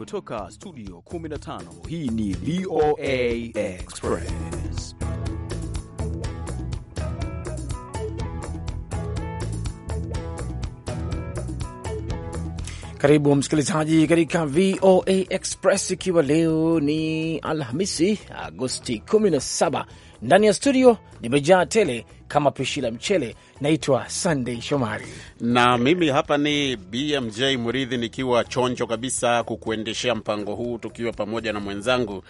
Kutoka studio 15 hii ni VOA Express. Karibu msikilizaji katika VOA Express, ikiwa leo ni Alhamisi Agosti 17, ndani ya studio nimejaa tele kama pishi la mchele. Naitwa Sunday Shomari na mimi hapa ni BMJ Murithi, nikiwa chonjo kabisa kukuendeshea mpango huu tukiwa pamoja na mwenzangu,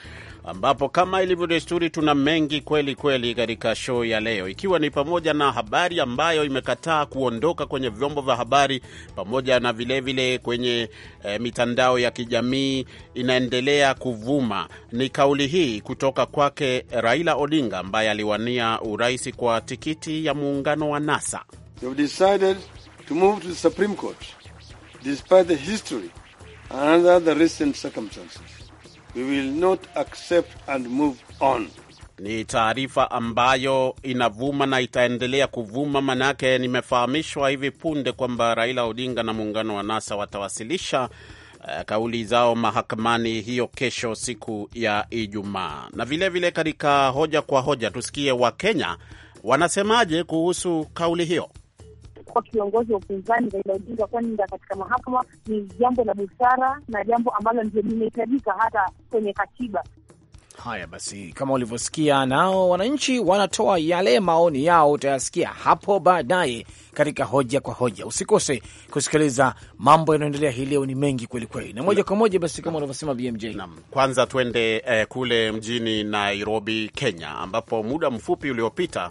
ambapo kama ilivyo desturi tuna mengi kweli kweli katika show ya leo, ikiwa ni pamoja na habari ambayo imekataa kuondoka kwenye vyombo vya habari pamoja na vilevile vile kwenye e, mitandao ya kijamii inaendelea kuvuma. Ni kauli hii kutoka kwake Raila Odinga ambaye aliwania urais kwa tiki mwenyekiti ya muungano wa NASA. Ni taarifa ambayo inavuma na itaendelea kuvuma, manake nimefahamishwa hivi punde kwamba Raila Odinga na muungano wa NASA watawasilisha uh, kauli zao mahakamani hiyo kesho, siku ya Ijumaa. Na vilevile katika hoja kwa hoja tusikie Wakenya Wanasemaje kuhusu kauli hiyo? Kwa kiongozi wa upinzani Raila Odinga kwenda katika mahakama ni jambo la busara na jambo ambalo ndio limehitajika hata kwenye katiba. Haya basi, kama ulivyosikia, nao wananchi wanatoa yale maoni yao, utayasikia hapo baadaye katika hoja kwa hoja. Usikose kusikiliza, mambo yanayoendelea hii leo ni mengi kwelikweli, na moja kwa moja basi, kama unavyosema BMJ. Naam, kwanza twende eh, kule mjini Nairobi, Kenya, ambapo muda mfupi uliopita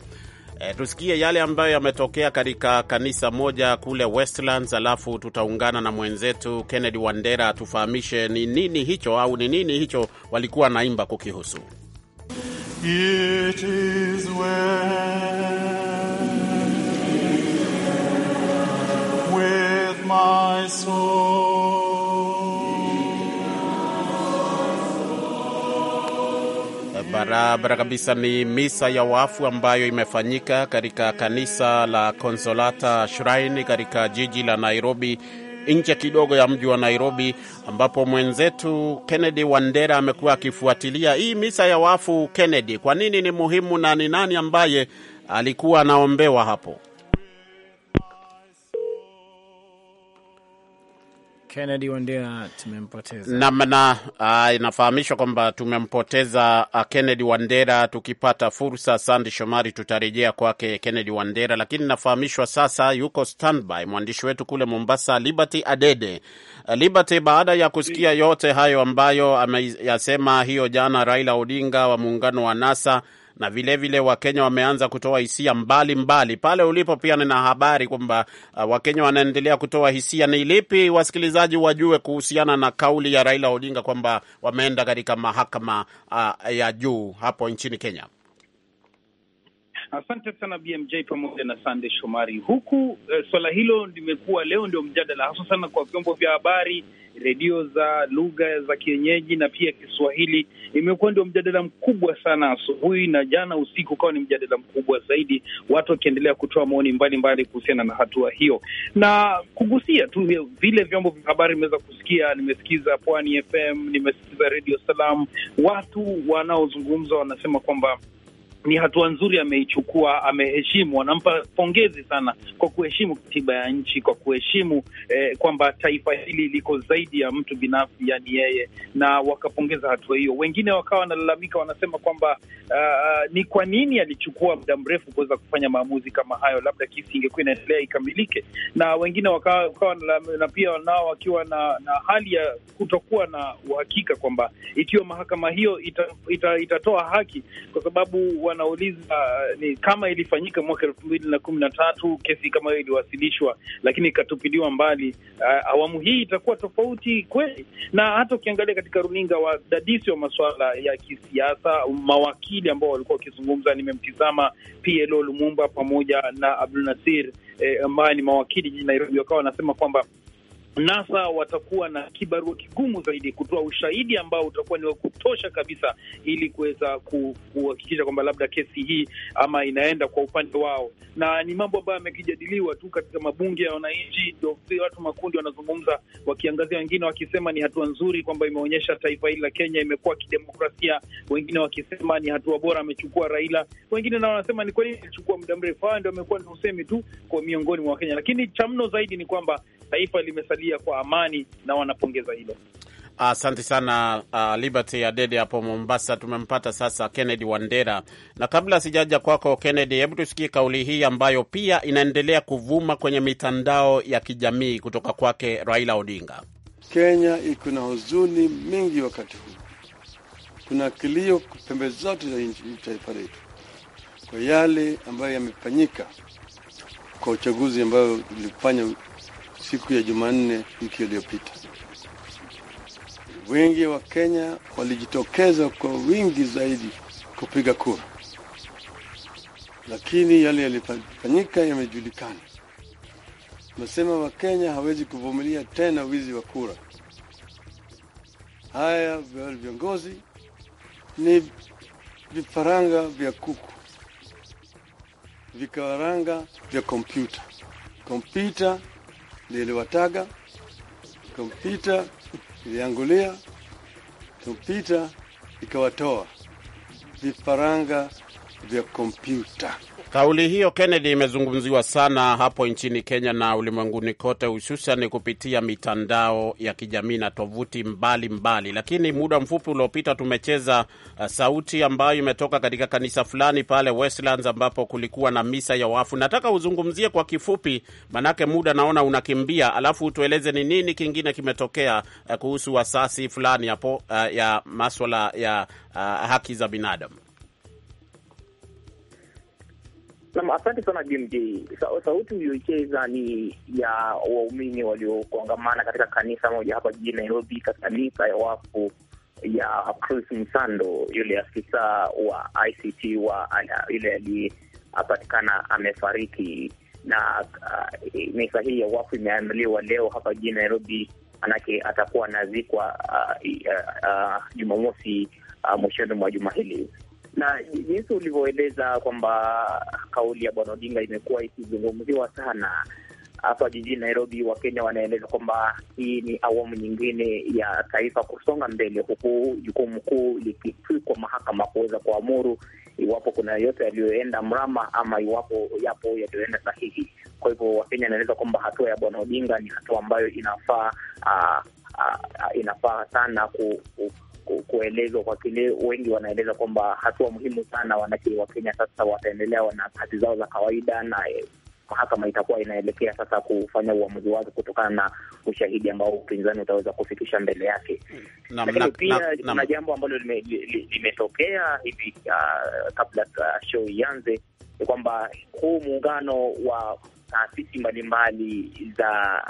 E, tusikie yale ambayo yametokea katika kanisa moja kule Westlands, alafu tutaungana na mwenzetu Kennedy Wandera tufahamishe ni nini hicho au ni nini hicho walikuwa naimba kukihusu. It is well my soul. Barabara kabisa ni misa ya wafu ambayo imefanyika katika kanisa la Consolata Shrine katika jiji la Nairobi, nje kidogo ya mji wa Nairobi, ambapo mwenzetu Kennedy Wandera amekuwa akifuatilia hii misa ya wafu. Kennedy, kwa nini ni muhimu na ni nani ambaye alikuwa anaombewa hapo? Kennedy Wandera tumempoteza. Naam, uh, inafahamishwa kwamba tumempoteza uh, Kennedy Wandera. Tukipata fursa, Sandi Shomari, tutarejea kwake Kennedy Wandera, lakini inafahamishwa sasa yuko standby mwandishi wetu kule Mombasa, Liberty Adede. Uh, Liberty, baada ya kusikia yote hayo ambayo ameyasema hiyo jana Raila Odinga wa muungano wa NASA na vilevile vile Wakenya wameanza kutoa hisia mbalimbali mbali. Pale ulipo pia nina habari kwamba uh, Wakenya wanaendelea kutoa hisia. Ni lipi wasikilizaji wajue kuhusiana na kauli ya Raila Odinga kwamba wameenda katika mahakama uh, ya juu hapo nchini Kenya? Asante sana BMJ pamoja na Sande Shomari. Huku eh, swala hilo limekuwa leo ndio mjadala hasa sana kwa vyombo vya habari, redio za lugha za kienyeji na pia Kiswahili imekuwa ndio mjadala mkubwa sana asubuhi na jana usiku ukawa ni mjadala mkubwa zaidi, watu wakiendelea kutoa maoni mbalimbali kuhusiana na hatua hiyo, na kugusia tu vile vyombo vya habari imeweza kusikia. Nimesikiza Pwani FM, nimesikiza Radio Salam, watu wanaozungumza wanasema kwamba ni hatua nzuri ameichukua, ameheshimu, wanampa pongezi sana kwa kuheshimu katiba ya nchi, kwa kuheshimu eh, kwamba taifa hili liko zaidi ya mtu binafsi, yani yeye, na wakapongeza hatua hiyo. Wengine wakawa wanalalamika, wanasema kwamba uh, ni kwa nini alichukua muda mrefu kuweza kufanya maamuzi kama hayo, labda kesi ingekuwa inaendelea ikamilike. Na wengine wakawa, wakawa na pia nao wakiwa na, na hali ya kutokuwa na uhakika kwamba ikiwa mahakama hiyo ita, ita, itatoa haki kwa sababu wanauliza uh, ni kama ilifanyika mwaka elfu mbili na kumi na tatu kesi kama hiyo iliwasilishwa, lakini ikatupiliwa mbali. Uh, awamu hii itakuwa tofauti kweli, na hata ukiangalia katika runinga, wadadisi wa masuala ya kisiasa, mawakili ambao walikuwa wakizungumza, nimemtizama PLO Lumumba pamoja na Abdul Nasir eh, ambaye ni mawakili jijini Nairobi, wakawa wanasema kwamba NASA watakuwa na kibarua kigumu zaidi kutoa ushahidi ambao utakuwa ni wa kutosha kabisa, ili kuweza kuhakikisha kwamba labda kesi hii ama inaenda kwa upande wao, na ni mambo ambayo yamekijadiliwa tu katika mabunge ya wananchi. Ndio watu makundi wanazungumza, wakiangazia, wengine wakisema ni hatua nzuri, kwamba imeonyesha taifa hili la Kenya imekuwa kidemokrasia, wengine wakisema ni hatua bora amechukua Raila, wengine nao wanasema ni kweli ilichukua muda mrefu. Hawa ndio amekuwa ni usemi tu kwa miongoni mwa Wakenya, lakini cha mno zaidi ni kwamba taifa limesalia kwa amani na wanapongeza hilo. Asante sana uh, Liberty Adede hapo Mombasa. Tumempata sasa Kennedy Wandera, na kabla sijaja kwako Kennedy, hebu tusikie kauli hii ambayo pia inaendelea kuvuma kwenye mitandao ya kijamii kutoka kwake Raila Odinga. Kenya iko na huzuni mingi wakati huu, kuna kilio pembe zote za taifa letu kwa yale ambayo yamefanyika kwa uchaguzi ambayo ulifanya siku ya Jumanne wiki iliyopita. Wengi wa Kenya walijitokeza kwa wingi zaidi kupiga kura, lakini yale yalifanyika yamejulikana. Nasema Wakenya hawezi kuvumilia tena wizi wa kura. Haya viongozi ni vifaranga vya kuku, vikaranga vya kompyuta. Kompyuta niliwataga, kompyuta iliangulia, kompyuta ikawatoa vifaranga vya kompyuta. Kauli hiyo Kennedy, imezungumziwa sana hapo nchini Kenya na ulimwenguni kote, hususan kupitia mitandao ya kijamii na tovuti mbalimbali mbali. Lakini muda mfupi uliopita tumecheza uh, sauti ambayo imetoka katika kanisa fulani pale Westlands ambapo kulikuwa na misa ya wafu. Nataka uzungumzie kwa kifupi, manake muda naona unakimbia, alafu utueleze ni nini kingine kimetokea uh, kuhusu asasi fulani hapo uh, ya maswala ya uh, haki za binadamu. Nam, asante sana BMJ. Sauti uliyoicheza ni ya waumini waliokongamana katika kanisa moja hapa jijini Nairobi, katika misa ya wafu ya Chris Msando, yule afisa wa ICT wa yule aliyepatikana amefariki. Na uh, hii ya wafu imeandaliwa leo hapa jijini Nairobi, manake atakuwa anazikwa uh, uh, uh, Jumamosi uh, mwishoni mwa juma hili na jinsi ulivyoeleza kwamba kauli ya bwana Odinga imekuwa ikizungumziwa sana hapa jijini Nairobi, Wakenya wanaeleza kwamba hii ni awamu nyingine ya taifa kusonga mbele, huku jukumu kuu likitwikwa mahakama kuweza kuamuru iwapo kuna yote yaliyoenda mrama ama iwapo yapo yaliyoenda sahihi. Kwa hivyo, Wakenya wanaeleza kwamba hatua ya bwana Odinga ni hatua ambayo inafaa, uh, uh, inafaa sana ku, ku kuelezwa kwa kile wengi wanaeleza kwamba hatua muhimu sana, wanake kenya sasa wataendelea na kazi zao za kawaida na eh, mahakama itakuwa inaelekea sasa kufanya uamuzi wake kutokana na ushahidi ambao upinzani utaweza kufikisha mbele yake. Hmm. Lakini pia kuna jambo ambalo limetokea hivi ah, kabla ah, show ianze, ni kwamba huu muungano wa taasisi mbalimbali za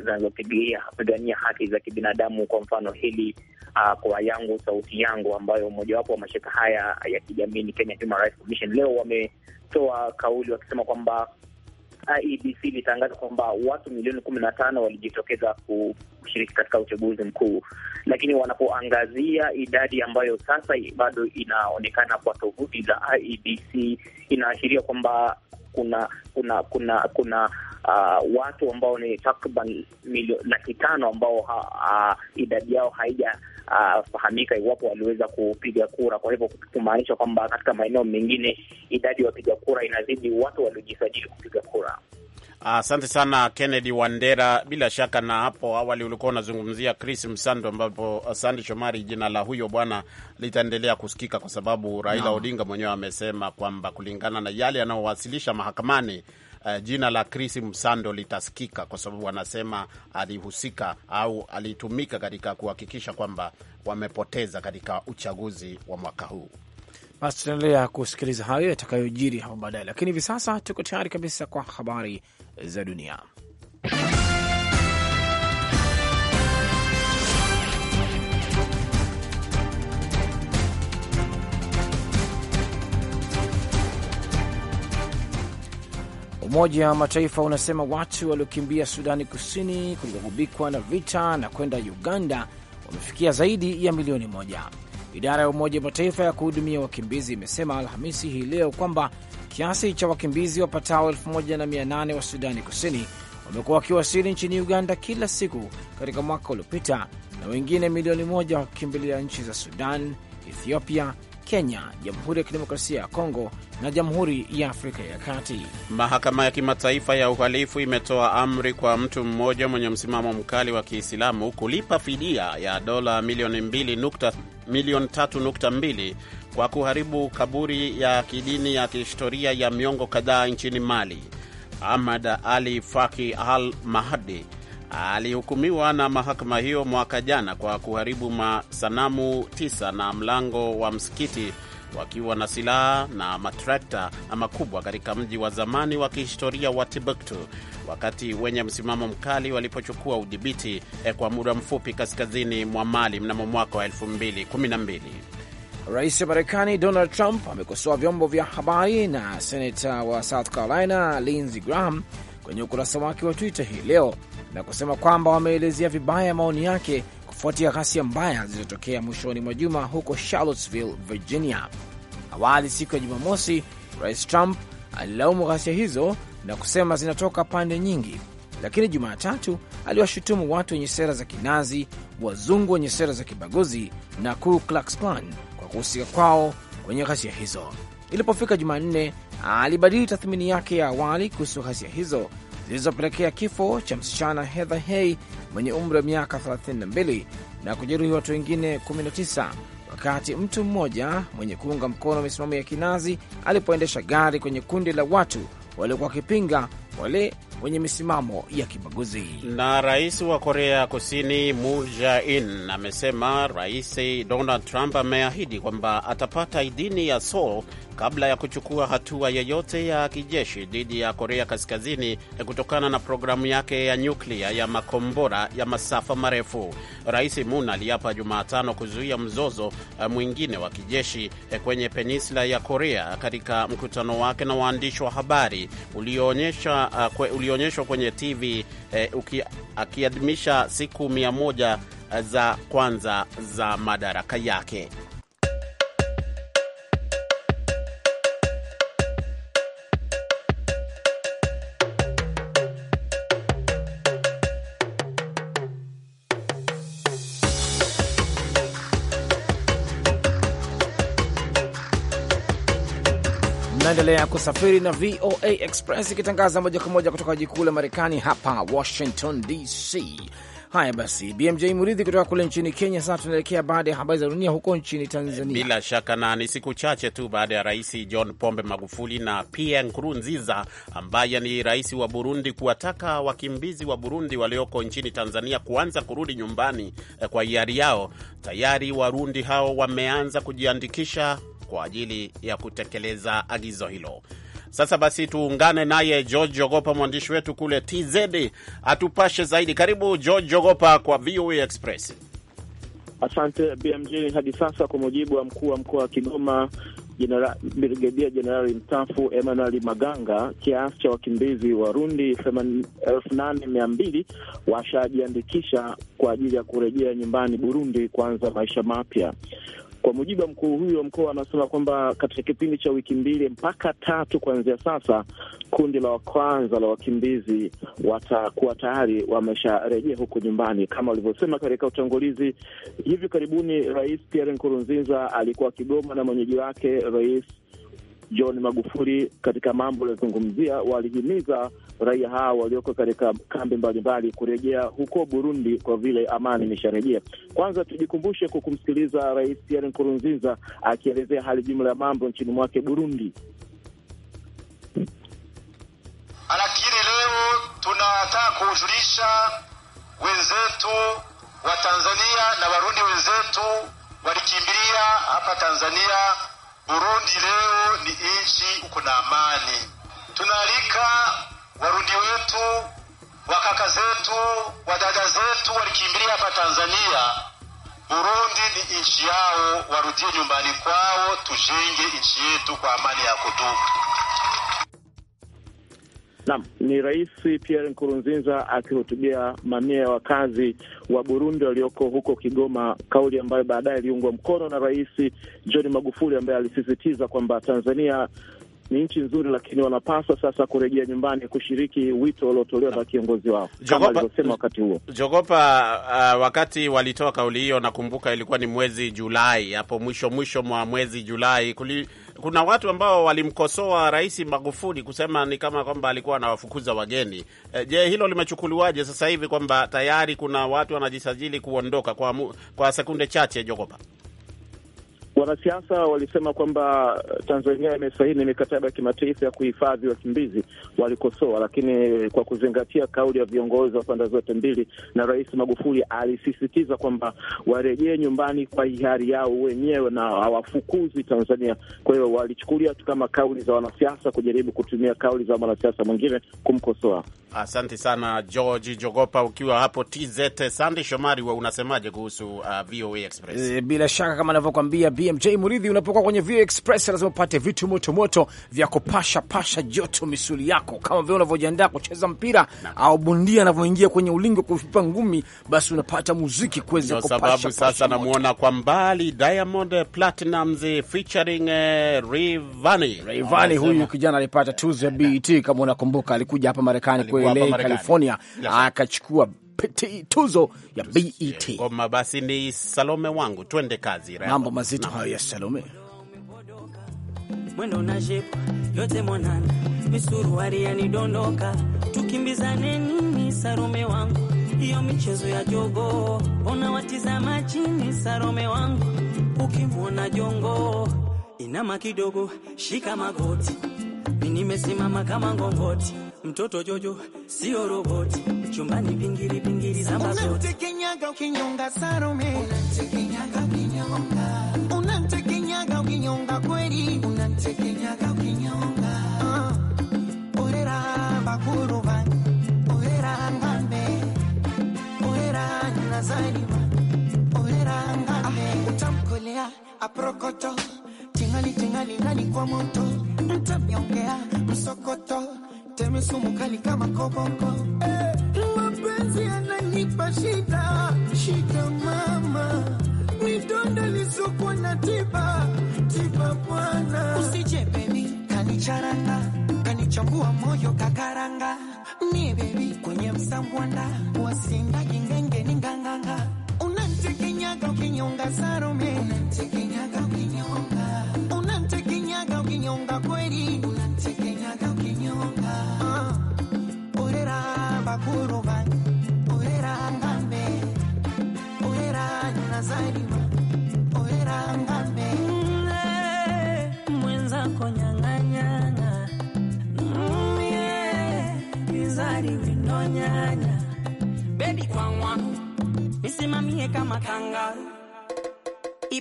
zinazopigania haki za kibinadamu, kwa mfano hili uh, kwa yangu sauti yangu, ambayo mojawapo wa mashirika haya ya kijamii ni Kenya Human Rights Commission, leo wametoa kauli wakisema kwamba IEBC ah, ilitangaza kwamba watu milioni kumi na tano walijitokeza kushiriki katika uchaguzi mkuu, lakini wanapoangazia idadi ambayo sasa bado inaonekana kwa tovuti za IEBC inaashiria kwamba kuna kuna kuna kuna uh, watu ambao ni takriban laki tano ambao uh, idadi yao haija hafahamika uh, iwapo waliweza kupiga kura. Kwa hivyo kumaanisha kwamba katika maeneo mengine idadi ya wapiga kura inazidi watu waliojisajili kupiga kura. Asante uh, sana Kennedy Wandera. Bila shaka na hapo awali ulikuwa unazungumzia Chris Msando, ambapo uh, Sandi Shomari, jina la huyo bwana litaendelea kusikika kwa sababu Raila no. Odinga mwenyewe amesema kwamba kulingana na yale yanayowasilisha mahakamani uh, jina la Chris Msando litasikika kwa sababu anasema alihusika au alitumika katika kuhakikisha kwamba wamepoteza katika uchaguzi wa mwaka huu. Basi tunaendelea kusikiliza hayo yatakayojiri hapo baadaye, lakini hivi sasa tuko tayari kabisa kwa habari za dunia. Umoja wa Mataifa unasema watu waliokimbia Sudani Kusini kulikogubikwa na vita na kwenda Uganda wamefikia zaidi ya milioni moja. Idara ya Umoja wa Mataifa ya kuhudumia wakimbizi imesema Alhamisi hii leo kwamba kiasi cha wakimbizi wapatao 1800 wa Sudani Kusini wamekuwa wakiwasili nchini Uganda kila siku katika mwaka uliopita na wengine milioni moja wakikimbilia nchi za Sudan, Ethiopia, Kenya, Jamhuri ya Kidemokrasia ya Kongo na Jamhuri ya Afrika ya Kati. Mahakama ya Kimataifa ya Uhalifu imetoa amri kwa mtu mmoja mwenye msimamo mkali wa Kiislamu kulipa fidia ya dola milioni 3.2 kwa kuharibu kaburi ya kidini ya kihistoria ya miongo kadhaa nchini Mali. Ahmad Ali Faki Al Mahdi alihukumiwa na mahakama hiyo mwaka jana kwa kuharibu masanamu tisa na mlango wa msikiti wakiwa na silaha na matrakta makubwa katika mji wa zamani wa kihistoria wa Timbuktu, wakati wenye msimamo mkali walipochukua udhibiti eh, kwa muda mfupi kaskazini mwa Mali mnamo mwaka wa 2012. Rais wa Marekani Donald Trump amekosoa vyombo vya habari na senata wa South Carolina Lindsey Graham kwenye ukurasa wake wa Twitter hii leo na kusema kwamba wameelezea vibaya maoni yake kufuatia ghasia mbaya zilizotokea mwishoni mwa juma huko Charlottesville, Virginia. Awali siku ya Jumamosi, Rais Trump alilaumu ghasia hizo na kusema zinatoka pande nyingi, lakini Jumatatu aliwashutumu watu wenye sera za kinazi, wazungu wenye sera za kibaguzi na Ku Klux Klan kwa kuhusika kwao kwenye ghasia hizo. Ilipofika Jumanne, alibadili tathmini yake ya awali kuhusu ghasia hizo zilizopelekea kifo cha msichana Heather Hey mwenye umri wa miaka 32 na kujeruhi watu wengine 19 wakati mtu mmoja mwenye kuunga mkono misimamo ya kinazi alipoendesha gari kwenye kundi la watu waliokuwa wakipinga wale wenye misimamo ya kibaguzi. Na rais wa Korea Kusini Moon Jae-in amesema Rais Donald Trump ameahidi kwamba atapata idhini ya Seoul kabla ya kuchukua hatua yoyote ya kijeshi dhidi ya Korea Kaskazini kutokana na programu yake ya nyuklia ya makombora ya masafa marefu. Rais Moon aliapa Jumatano kuzuia mzozo eh, mwingine wa kijeshi eh, kwenye peninsula ya Korea katika mkutano wake na waandishi wa habari ulioonyeshwa eh, uh, kwenye TV akiadhimisha siku mia moja za kwanza za madaraka yake. Unaendelea kusafiri na VOA Express ikitangaza moja kwa moja kutoka jikuu la Marekani hapa Washington DC. Haya basi, BMJ Muridhi kutoka kule nchini Kenya. Sasa tunaelekea baada ya habari za dunia huko nchini Tanzania. Bila shaka, na ni siku chache tu baada ya Rais John Pombe Magufuli na Pierre Nkurunziza ambaye ni rais wa Burundi kuwataka wakimbizi wa Burundi walioko nchini Tanzania kuanza kurudi nyumbani eh, kwa hiari yao. Tayari Warundi hao wameanza kujiandikisha kwa ajili ya kutekeleza agizo hilo. Sasa basi tuungane naye George Jogopa, mwandishi wetu kule TZ, atupashe zaidi. Karibu George Jogopa kwa VOA Express. Asante BMJ. Hadi sasa kwa mujibu wa mkuu wa mkoa wa Kigoma Brigedia Jenerali mstaafu Emmanuel Maganga, kiasi cha wakimbizi Warundi elfu nane mia mbili washajiandikisha kwa ajili ya kurejea nyumbani Burundi kuanza maisha mapya. Kwa mujibu wa mkuu huyu wa mkoa, anasema kwamba katika kipindi cha wiki mbili mpaka tatu kuanzia sasa, kundi la kwanza la wakimbizi watakuwa tayari wamesharejea huko nyumbani. Kama walivyosema katika utangulizi, hivi karibuni Rais Pierre Nkurunziza alikuwa Kigoma na mwenyeji wake Rais John Magufuli katika mambo aliyozungumzia, walihimiza raia hao walioko katika kambi mbalimbali kurejea huko Burundi kwa vile amani imesharejea. Kwanza tujikumbushe kwa kumsikiliza Rais Pierre Nkurunziza akielezea hali jumla ya mambo nchini mwake Burundi. Lakini leo tunataka kujulisha wenzetu wa Tanzania na Warundi wenzetu walikimbilia hapa Tanzania Burundi leo ni nchi uko na amani. Tunaalika Warundi wetu wakaka zetu wadada zetu walikimbilia hapa Tanzania. Burundi ni nchi yao, warudie nyumbani kwao, tujenge nchi yetu kwa amani ya kudumu. Naam, ni Rais Pierre Nkurunziza akihutubia mamia ya wakazi wa Burundi walioko huko Kigoma, kauli ambayo baadaye iliungwa mkono na Rais John Magufuli ambaye alisisitiza kwamba Tanzania ni nchi nzuri, lakini wanapaswa sasa kurejea nyumbani kushiriki wito waliotolewa na kiongozi wao kama alivyosema wakati huo Jogopa. Uh, wakati walitoa kauli hiyo, nakumbuka ilikuwa ni mwezi Julai, hapo mwisho mwisho mwa mwezi Julai kuli, kuna watu ambao walimkosoa Rais Magufuli kusema ni kama kwamba alikuwa anawafukuza wageni. Eh, je, hilo limechukuliwaje sasa hivi kwamba tayari kuna watu wanajisajili kuondoka kwa, mu, kwa sekunde chache Jogopa? Wanasiasa walisema kwamba uh, Tanzania imesaini mikataba ya kimataifa ya kuhifadhi wakimbizi, walikosoa, lakini kwa kuzingatia kauli ya viongozi wa pande zote mbili, na Rais Magufuli alisisitiza kwamba warejee nyumbani kwa hiari yao wenyewe na hawafukuzi Tanzania. Kwa hiyo walichukulia tu kama kauli za wanasiasa kujaribu kutumia kauli za mwanasiasa mwingine kumkosoa. Asante sana George Jogopa, ukiwa hapo TZ. Sande Shomari, unasemaje kuhusu uh, VOA Express? Eh, bila shaka kama anavyokwambia BMJ Muridhi. Unapokuwa kwenye VOA Express lazima upate vitu motomoto moto vya kupasha pasha joto misuli yako, kama vile unavyojiandaa kucheza mpira na au bundia anavyoingia kwenye ulingo kuvipa ngumi, basi unapata muziki kuweza kupasha sababu. Sasa namwona kwa mbali Diamond Platnumz featuring uh, Rayvanny. Rayvanny huyu kijana alipata tuzo ya BET kama unakumbuka, alikuja hapa Marekani kuelea California akachukua kujipatia tuzo ya BET. Ngoma basi ni Salome wangu, twende kazi. Mambo mazito hayo ya Salome. Mwendo na jepu yote mwanana, misuruari yanidondoka, tukimbizane nini Salome wangu, hiyo michezo ya jogo, ona watizama chini Salome wangu, ukimwona jongo inama kidogo, shika magoti, mimi nimesimama kama ngongoti mtoto Jojo sio roboti, chumbani pingili pingili za mazote. Unamtekenyaga ukinyonga Salome, unamtekenyaga ukinyonga, unamtekenyaga ukinyonga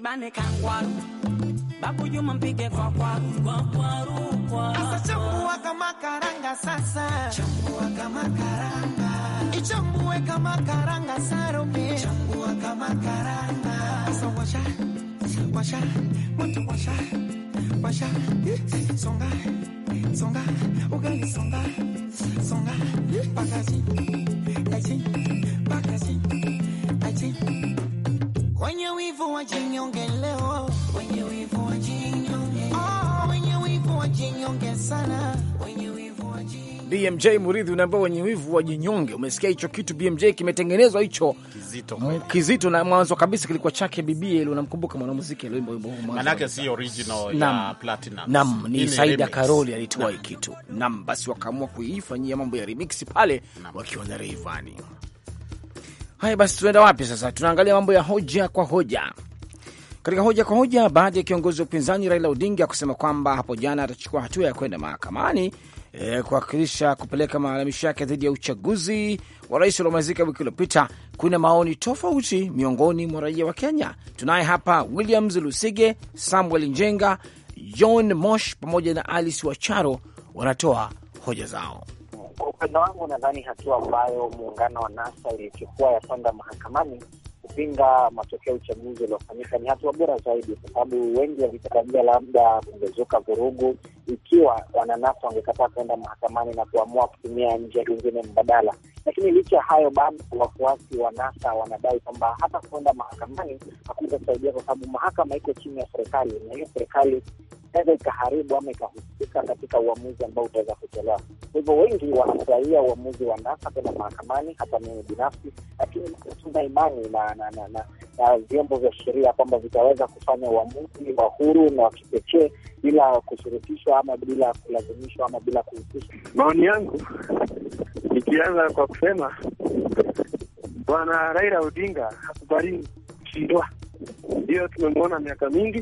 nibane kangwaru, babu Juma mpige kwa kwaru, kwa kwaru, kwa sasa chambua kama karanga, sasa chambua kama karanga, ichambue kama karanga, sarope chambua kama karanga, sasa washa washa moto washa washa songa songa ugali songa songa pakazi aichi pakazi aichi Ah, BMJ Muridhi, unaambia wenye wivu wajinyonge. Umesikia hicho kitu BMJ, kimetengenezwa hicho kizito, kizito na mwanzo kabisa kilikuwa chake bibie ile, unamkumbuka mwanamuziki aliyeimba wimbo huu? Manake si original ya Platinum, nam ni Saida Karoli alitoa hii kitu nam, basi wakaamua kuifanyia mambo ya remix pale wakiwa na Rayvanny. Haya basi, tunaenda wapi sasa? Tunaangalia mambo ya hoja kwa hoja. Katika hoja kwa hoja, baadhi ya kiongozi wa upinzani Raila Odinga kusema kwamba hapo jana atachukua hatua ya kwenda mahakamani e, kuwakilisha kupeleka malalamisho yake dhidi ya uchaguzi wa rais uliomalizika wiki iliyopita. Kuna maoni tofauti miongoni mwa raia wa Kenya. Tunaye hapa Williams Lusige, Samuel Njenga, John Mosh pamoja na Alice Wacharo wanatoa hoja zao. Kwa upande wangu, nadhani hatua ambayo muungano wa NASA ilichukua ya kwenda mahakamani kupinga matokeo ya uchaguzi uliofanyika ni hatua bora zaidi, kwa sababu wengi walitarajia labda kungezuka vurugu ikiwa wananasa wangekataa kwenda mahakamani na kuamua kutumia njia nyingine mbadala. Lakini licha ya hayo, bado wafuasi wa NASA wanadai kwamba hata kwenda mahakamani hakutasaidia, kwa sababu mahakama iko chini ya serikali na hiyo serikali inaweza ikaharibu ama ikahusika katika uamuzi ambao utaweza kutolewa. Kwa hivyo wengi wanafurahia uamuzi wa NASA kwenda mahakamani, hata mimi binafsi, lakini tuna imani na na na, na vyombo vya sheria kwamba vitaweza kufanya uamuzi wa huru na wa kipekee bila kushirikishwa ama bila kulazimishwa ama bila kuhusishwa. Maoni yangu nikianza kwa kusema Bwana Raila Odinga hakubali kushindwa. Ndio tumemwona miaka mingi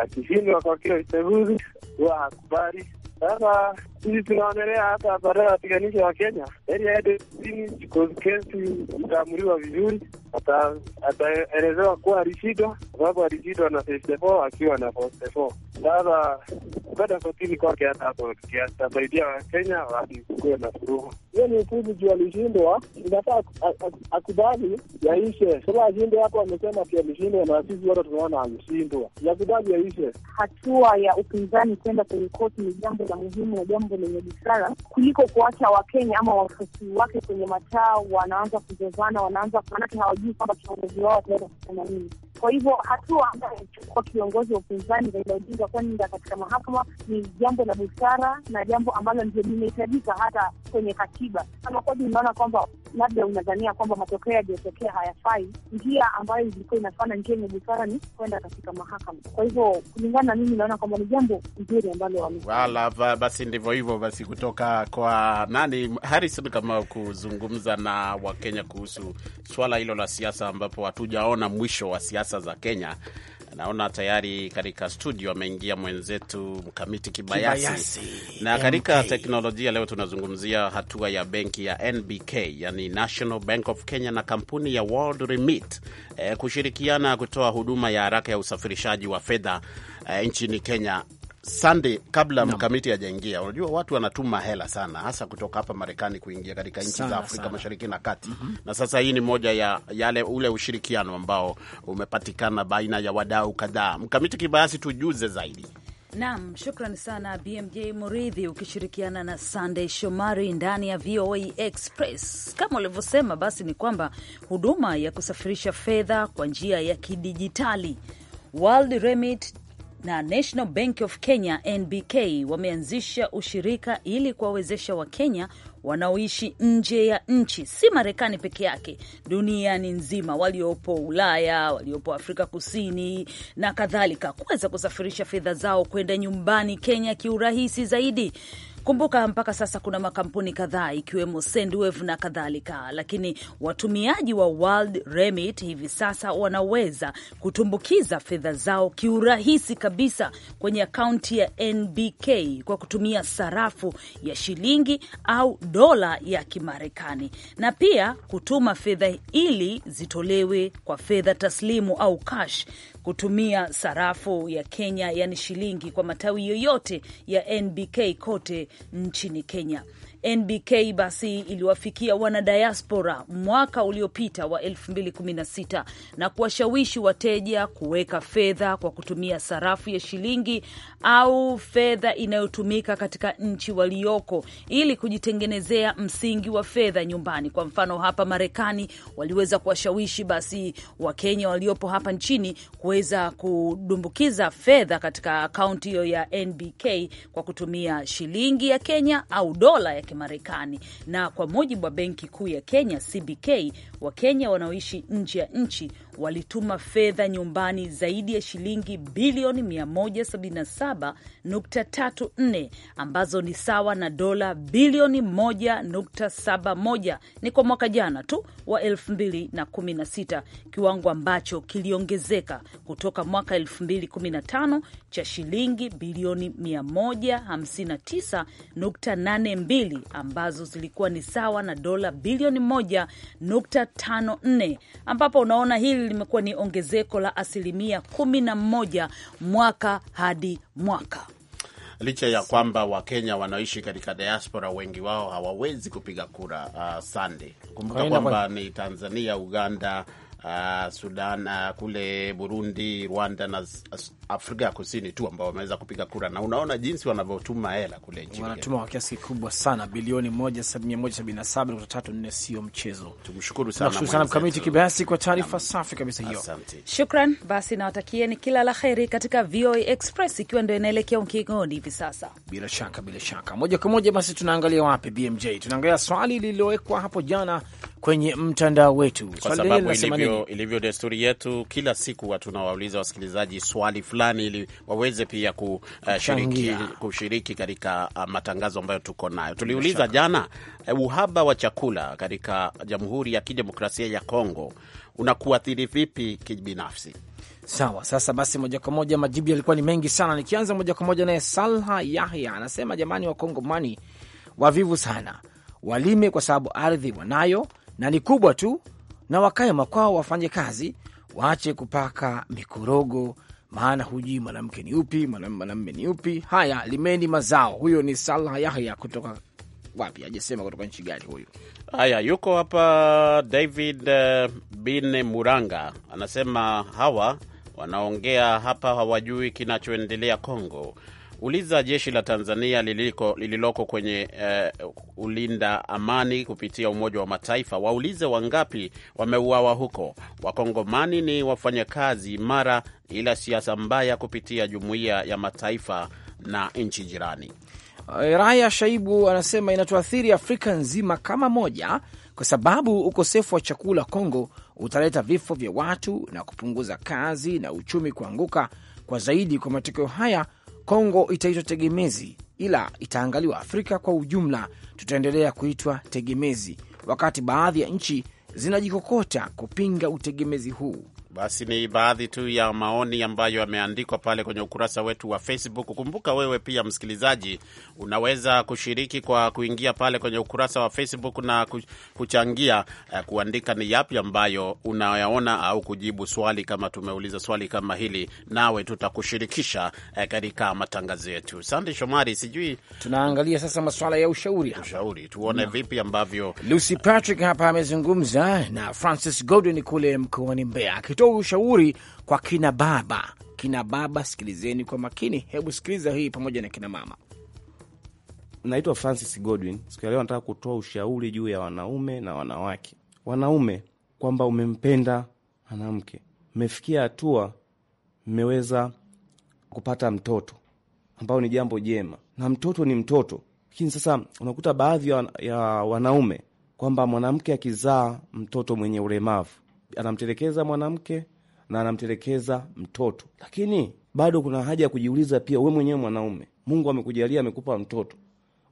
akishindwa kwa kila uchaguzi huwa hakubali. Sasa sisi tunaonelea hata baadaye wapiganishe wa Kenya, heri yaani aende chini kesi, mtaamuriwa vizuri, ataelezewa kuwa alishindwa, sababu alishindwa na akiwa na sasa kwenda kotini kwake, hata hapo tutasaidia Wakenya wasikuwe na furuhu. Hiyo ni upuzi juu alishindwa, ah. inafaa akubali yaishe. Kama ashinde hapo, amesema pia alishindwa na sisi wote tunaona alishindwa, yakubali yaishe. Hatua ya upinzani kwenda kwenye koti ni jambo la muhimu na jambo jambo lenye busara kuliko kuwacha Wakenya ama wafuasi wake kwenye mataa wanaanza kuzozana, wanaanza, maanake hawajui kwamba kiongozi wao wataweza kusema nini. Kwa hivyo hatua ambayo alichukua kiongozi wa upinzani Raila Odinga kwenda katika mahakama ni jambo la busara na jambo ambalo ndio limehitajika hata kwenye katiba. Kama kweli unaona kwamba labda unadhania kwamba matokeo yaliyotokea hayafai, njia ambayo ilikuwa inafana, njia yenye busara ni kwenda katika mahakama. Kwa hivyo kulingana na mimi, naona kwamba ni jambo nzuri ambalo wame wala basi, ndivyo hivyo basi, kutoka kwa nani Harrison kama kuzungumza na Wakenya kuhusu swala hilo la siasa, ambapo hatujaona mwisho wa siasa siasa za Kenya. Naona tayari katika studio ameingia mwenzetu Mkamiti Kibayasi, Kibayasi. Na katika teknolojia leo tunazungumzia hatua ya benki ya NBK, yani National Bank of Kenya na kampuni ya World Remit eh, kushirikiana kutoa huduma ya haraka ya usafirishaji wa fedha eh, nchini Kenya Sande, kabla mkamiti ajaingia unajua watu wanatuma hela sana, hasa kutoka hapa Marekani kuingia katika nchi za Afrika sana, Mashariki na Kati mm -hmm. Na sasa hii ni moja ya yale ule ushirikiano ambao umepatikana baina ya wadau kadhaa. Mkamiti Kibayasi, tujuze zaidi. Naam, shukran sana BMJ Muridhi ukishirikiana na sandey Shomari ndani ya VOA Express. Kama ulivyosema, basi ni kwamba huduma ya kusafirisha fedha kwa njia ya kidijitali World Remit na National Bank of Kenya NBK wameanzisha ushirika ili kuwawezesha Wakenya wanaoishi nje ya nchi, si Marekani peke yake, duniani nzima, waliopo Ulaya, waliopo Afrika Kusini na kadhalika, kuweza kusafirisha fedha zao kwenda nyumbani Kenya kiurahisi zaidi. Kumbuka mpaka sasa kuna makampuni kadhaa ikiwemo Sendwave na kadhalika, lakini watumiaji wa World Remit hivi sasa wanaweza kutumbukiza fedha zao kiurahisi kabisa kwenye akaunti ya NBK kwa kutumia sarafu ya shilingi au dola ya Kimarekani na pia kutuma fedha ili zitolewe kwa fedha taslimu au cash kutumia sarafu ya Kenya, yani shilingi, kwa matawi yoyote ya NBK kote nchini Kenya. NBK basi iliwafikia wanadiaspora mwaka uliopita wa 2016 na kuwashawishi wateja kuweka fedha kwa kutumia sarafu ya shilingi au fedha inayotumika katika nchi walioko ili kujitengenezea msingi wa fedha nyumbani. Kwa mfano, hapa Marekani waliweza kuwashawishi basi Wakenya waliopo hapa nchini kuweza kudumbukiza fedha katika akaunti hiyo ya NBK kwa kutumia shilingi ya Kenya au dola ya Kenya. Kimarekani. Na kwa mujibu wa Benki Kuu ya Kenya, CBK, Wakenya wanaoishi nje ya nchi walituma fedha nyumbani zaidi ya shilingi bilioni 177.34 ambazo ni sawa na dola bilioni 1.71 ni kwa mwaka jana tu wa 2016, kiwango ambacho kiliongezeka kutoka mwaka 2015 cha shilingi bilioni 159.82 ambazo zilikuwa ni sawa na dola bilioni 1.54, ambapo unaona hili hili limekuwa ni ongezeko la asilimia 11 mwaka hadi mwaka licha ya kwamba Wakenya wanaoishi katika diaspora wengi wao hawawezi kupiga kura. Uh, sande, kumbuka kwamba ni Tanzania, Uganda, uh, Sudan, uh, kule Burundi, Rwanda na Afrika ya Kusini tu ambao wameweza kupiga kura, na unaona jinsi wanavyotuma hela kule nchini, wanatuma kwa kiasi kikubwa sana, bilioni 177.34. Sio mchezo. Tukushukuru sana, tunashukuru sana Mkamiti Kibayasi kwa taarifa safi kabisa hiyo, asante. Shukran basi, nawatakieni kila la heri katika VOA Express ikiwa ndio inaelekea ukingoni hivi sasa. Bila shaka, bila shaka, moja kwa moja basi tunaangalia wapi, BMJ? Tunaangalia swali lililowekwa hapo jana kwenye mtandao wetu, kwa sababu ilivyo, ilivyo desturi yetu kila siku tunawauliza wasikilizaji swali fulani ili waweze pia kushiriki, uh, kushiriki katika uh, matangazo ambayo tuko nayo. Tuliuliza jana eh, uhaba wa chakula katika Jamhuri ya Kidemokrasia ya Kongo unakuathiri vipi kibinafsi? Sawa, sasa basi, moja kwa moja majibu yalikuwa ni mengi sana. Nikianza moja kwa moja naye Salha Yahya anasema, jamani, wakongomani wavivu sana, walime kwa sababu ardhi wanayo na ni kubwa tu, na wakae makwao, wafanye kazi, waache kupaka mikorogo maana hujui mwanamke ni upi, mwanamme ni upi. Haya, limeni mazao. Huyo ni Salah Yahya kutoka wapi? ajasema kutoka nchi gani huyu. Haya, yuko hapa David eh, bin Muranga anasema hawa wanaongea hapa hawajui kinachoendelea Kongo uliza jeshi la Tanzania liliko, lililoko kwenye uh, ulinda amani kupitia Umoja wa Mataifa, waulize wangapi wameuawa huko. Wakongomani ni wafanyakazi imara, ila siasa mbaya kupitia jumuiya ya mataifa na nchi jirani. Eh, Raya Shaibu anasema inatuathiri Afrika nzima kama moja, kwa sababu ukosefu wa chakula Kongo utaleta vifo vya watu na kupunguza kazi na uchumi kuanguka kwa zaidi. Kwa matokeo haya Kongo itaitwa tegemezi, ila itaangaliwa Afrika kwa ujumla, tutaendelea kuitwa tegemezi, wakati baadhi ya nchi zinajikokota kupinga utegemezi huu. Basi ni baadhi tu ya maoni ambayo yameandikwa pale kwenye ukurasa wetu wa Facebook. Kumbuka wewe pia msikilizaji, unaweza kushiriki kwa kuingia pale kwenye ukurasa wa Facebook na kuchangia eh, kuandika ni yapi ambayo unayaona au kujibu swali kama tumeuliza swali kama hili, nawe tutakushirikisha eh, katika matangazo yetu. Sande Shomari, sijui tunaangalia sasa maswala ya ushauri, ushauri tuone no. vipi ambavyo Lucy Patrick hapa amezungumza na Francis Godwin kule mkoani Mbeya kutoa ushauri kwa kina baba. Kina baba, sikilizeni kwa makini, hebu sikiliza hii pamoja na kina mama. Naitwa Francis Godwin. Siku ya leo nataka kutoa ushauri juu ya wanaume na wanawake. Wanaume, kwamba umempenda mwanamke, mmefikia hatua mmeweza kupata mtoto, ambao ni jambo jema, na mtoto ni mtoto. Lakini sasa unakuta baadhi ya wanaume kwamba mwanamke akizaa mtoto mwenye ulemavu anamtelekeza mwanamke na anamtelekeza mtoto. Lakini bado kuna haja ya kujiuliza pia, we mwenyewe mwanaume, Mungu amekujalia amekupa mtoto,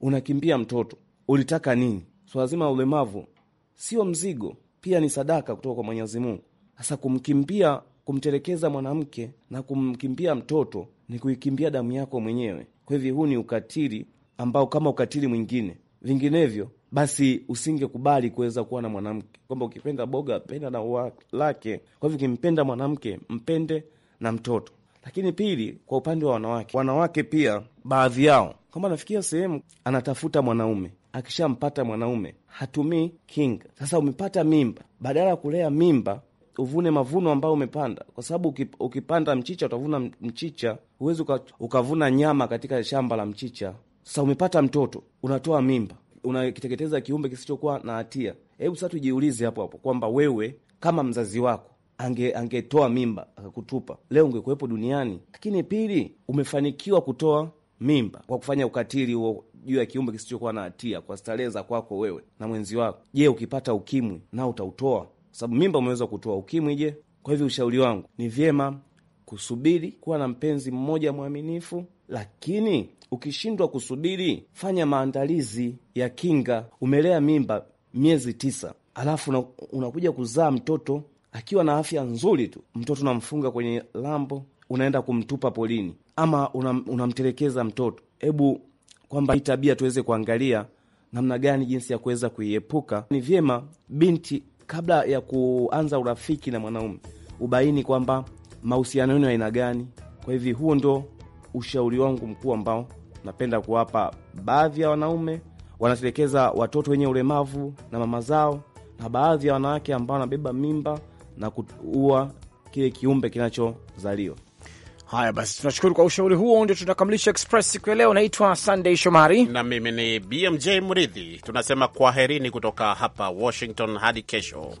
unakimbia mtoto, ulitaka nini? Swala zima la ulemavu sio mzigo, pia ni sadaka kutoka kwa Mwenyezi Mungu. Sasa kumkimbia, kumtelekeza mwanamke na kumkimbia mtoto ni kuikimbia damu yako mwenyewe. Kwa hivyo huu ni ukatili ambao kama ukatili mwingine, vinginevyo basi usingekubali kuweza kuwa na mwanamke, kwamba ukipenda boga penda na ua lake. Kwa hivyo ukimpenda mwanamke mpende na mtoto. Lakini pili, kwa upande wa wanawake, wanawake pia baadhi yao kwamba anafikia sehemu anatafuta mwanaume, akishampata mwanaume hatumii kinga. Sasa umepata mimba, badala ya kulea mimba uvune mavuno ambayo umepanda, kwa sababu ukipanda mchicha utavuna mchicha, huwezi ukavuna nyama katika shamba la mchicha. Sasa umepata mtoto, unatoa mimba unakiteketeza kiumbe kisichokuwa na hatia. Hebu sasa tujiulize hapo hapo kwamba wewe kama mzazi wako ange angetoa mimba akakutupa leo, ungekuwepo duniani? Lakini pili, umefanikiwa kutoa mimba kwa kufanya ukatili huo juu ya kiumbe kisichokuwa na hatia kwa starehe za kwako wewe na mwenzi wako. Je, ukipata ukimwi nao utautoa? Kwa sababu mimba umeweza kutoa, ukimwi je? Kwa hivyo ushauri wangu ni vyema kusubiri, kuwa na mpenzi mmoja mwaminifu lakini ukishindwa kusubiri, fanya maandalizi ya kinga. Umelea mimba miezi tisa, alafu unakuja kuzaa mtoto akiwa na afya nzuri tu, mtoto unamfunga kwenye lambo, unaenda kumtupa polini ama unamtelekeza unamtelekeza mtoto. Hebu kwamba hii tabia tuweze kuangalia namna gani, jinsi ya kuweza kuiepuka. Ni vyema binti, kabla ya kuanza urafiki na mwanaume, ubaini kwamba mahusiano yenu aina gani. Kwa hivi, huo ndo ushauri wangu mkuu ambao napenda kuwapa baadhi ya wanaume wanatelekeza watoto wenye ulemavu na mama zao, na baadhi ya wanawake ambao wanabeba mimba na kuua kile kiumbe kinachozaliwa. Haya basi, tunashukuru kwa ushauri huo. Ndio tunakamilisha Express siku ya leo. Naitwa Sunday Shomari na mimi ni BMJ Mridhi. Tunasema kwaherini kutoka hapa Washington hadi kesho.